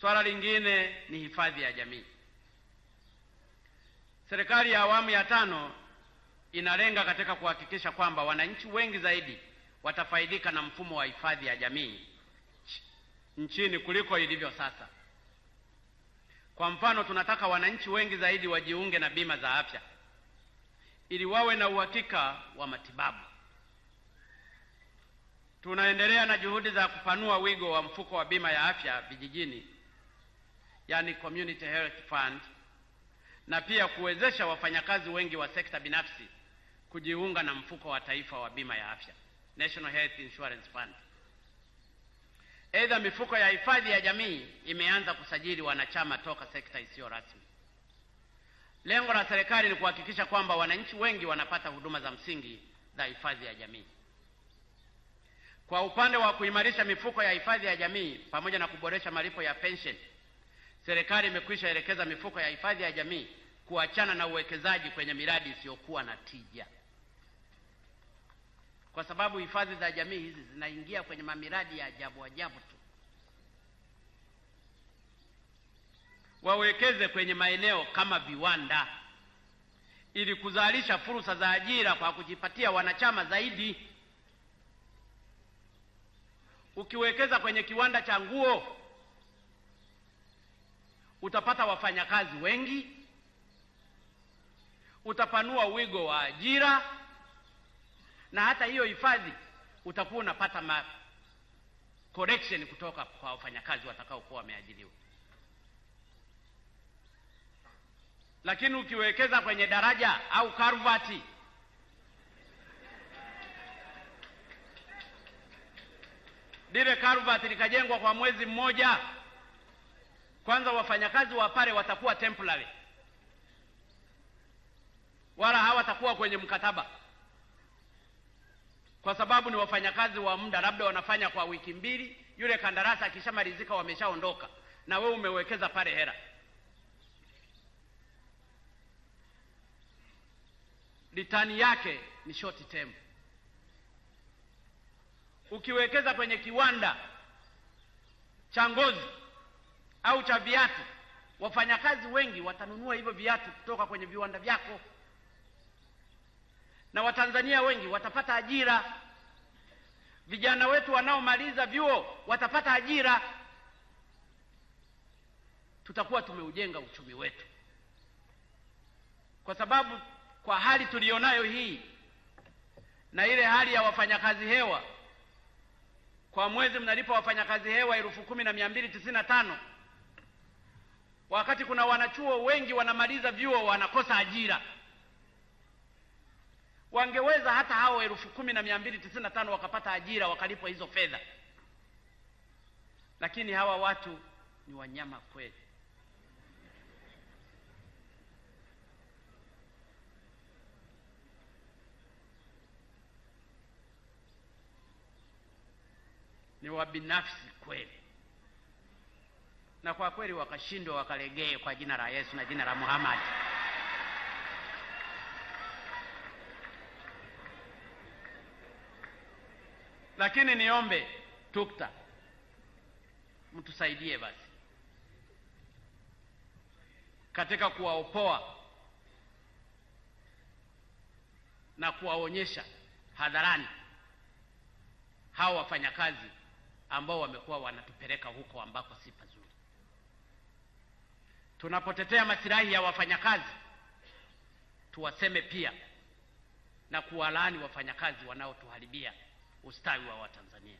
Swala lingine ni hifadhi ya jamii. Serikali ya awamu ya tano inalenga katika kuhakikisha kwamba wananchi wengi zaidi watafaidika na mfumo wa hifadhi ya jamii nchini kuliko ilivyo sasa. Kwa mfano, tunataka wananchi wengi zaidi wajiunge na bima za afya ili wawe na uhakika wa matibabu. Tunaendelea na juhudi za kupanua wigo wa mfuko wa bima ya afya vijijini yani Community Health Fund, na pia kuwezesha wafanyakazi wengi wa sekta binafsi kujiunga na mfuko wa taifa wa bima ya afya, National Health Insurance Fund. Aidha, mifuko ya hifadhi ya jamii imeanza kusajili wanachama toka sekta isiyo rasmi. Lengo la serikali ni kuhakikisha kwamba wananchi wengi wanapata huduma za msingi za hifadhi ya jamii. Kwa upande wa kuimarisha mifuko ya hifadhi ya jamii pamoja na kuboresha malipo ya pensheni serikali imekwisha elekeza mifuko ya hifadhi ya jamii kuachana na uwekezaji kwenye miradi isiyokuwa na tija, kwa sababu hifadhi za jamii hizi zinaingia kwenye mamiradi ya ajabu ajabu tu. Wawekeze kwenye maeneo kama viwanda, ili kuzalisha fursa za ajira kwa kujipatia wanachama zaidi. Ukiwekeza kwenye kiwanda cha nguo utapata wafanyakazi wengi, utapanua wigo wa ajira, na hata hiyo hifadhi utakuwa unapata ma correction kutoka kwa wafanyakazi watakaokuwa wameajiriwa. Lakini ukiwekeza kwenye daraja au karvati lile karvati likajengwa kwa mwezi mmoja kwanza, wafanyakazi wa pale watakuwa temporary, wala hawatakuwa kwenye mkataba, kwa sababu ni wafanyakazi wa muda, labda wanafanya kwa wiki mbili. Yule kandarasi akishamalizika, wameshaondoka na wewe umewekeza pale hela. Ritani yake ni short term. Ukiwekeza kwenye kiwanda cha ngozi au cha viatu, wafanyakazi wengi watanunua hivyo viatu kutoka kwenye viwanda vyako, na Watanzania wengi watapata ajira. Vijana wetu wanaomaliza vyuo watapata ajira, tutakuwa tumeujenga uchumi wetu, kwa sababu kwa hali tuliyonayo hii na ile hali ya wafanyakazi hewa, kwa mwezi mnalipa wafanyakazi hewa elfu kumi na mia mbili tisini na tano wakati kuna wanachuo wengi wanamaliza vyuo wanakosa ajira. Wangeweza hata hao elfu kumi na mia mbili tisini na tano wakapata ajira wakalipwa hizo fedha, lakini hawa watu ni wanyama kweli. ni wabinafsi kweli na kwa kweli wakashindwa, wakalegee kwa jina la Yesu na jina la Muhammad. Lakini niombe tukta, mtusaidie basi katika kuwaopoa na kuwaonyesha hadharani hawa wafanyakazi ambao wamekuwa wanatupeleka huko ambako si pazuri. Tunapotetea masilahi ya wafanyakazi, tuwaseme pia na kuwalaani wafanyakazi wanaotuharibia ustawi wa Watanzania.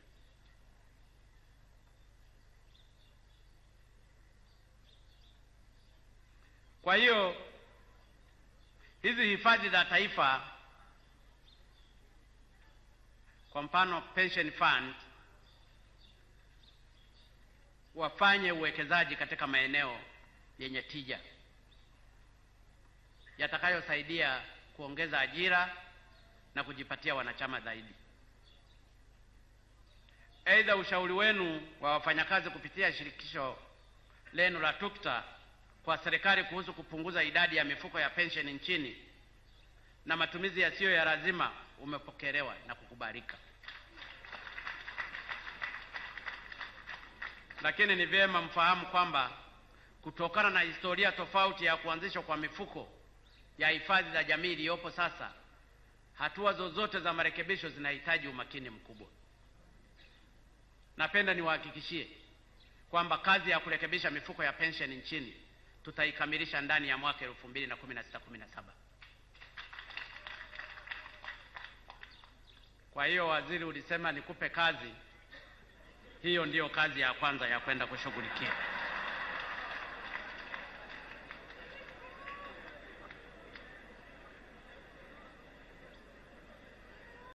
Kwa hiyo hizi hifadhi za taifa, kwa mfano pension fund, wafanye uwekezaji katika maeneo yenye tija yatakayosaidia kuongeza ajira na kujipatia wanachama zaidi. Aidha, ushauri wenu wa wafanyakazi kupitia shirikisho lenu la tukta kwa serikali kuhusu kupunguza idadi ya mifuko ya pensheni nchini na matumizi yasiyo ya lazima umepokelewa na kukubalika. Lakini ni vyema mfahamu kwamba kutokana na historia tofauti ya kuanzishwa kwa mifuko ya hifadhi za jamii iliyopo sasa, hatua zozote za marekebisho zinahitaji umakini mkubwa. Napenda niwahakikishie kwamba kazi ya kurekebisha mifuko ya pensheni nchini tutaikamilisha ndani ya mwaka na saba. Kwa hiyo waziri, ulisema nikupe kazi hiyo, ndiyo kazi ya kwanza ya kwenda kushughulikia.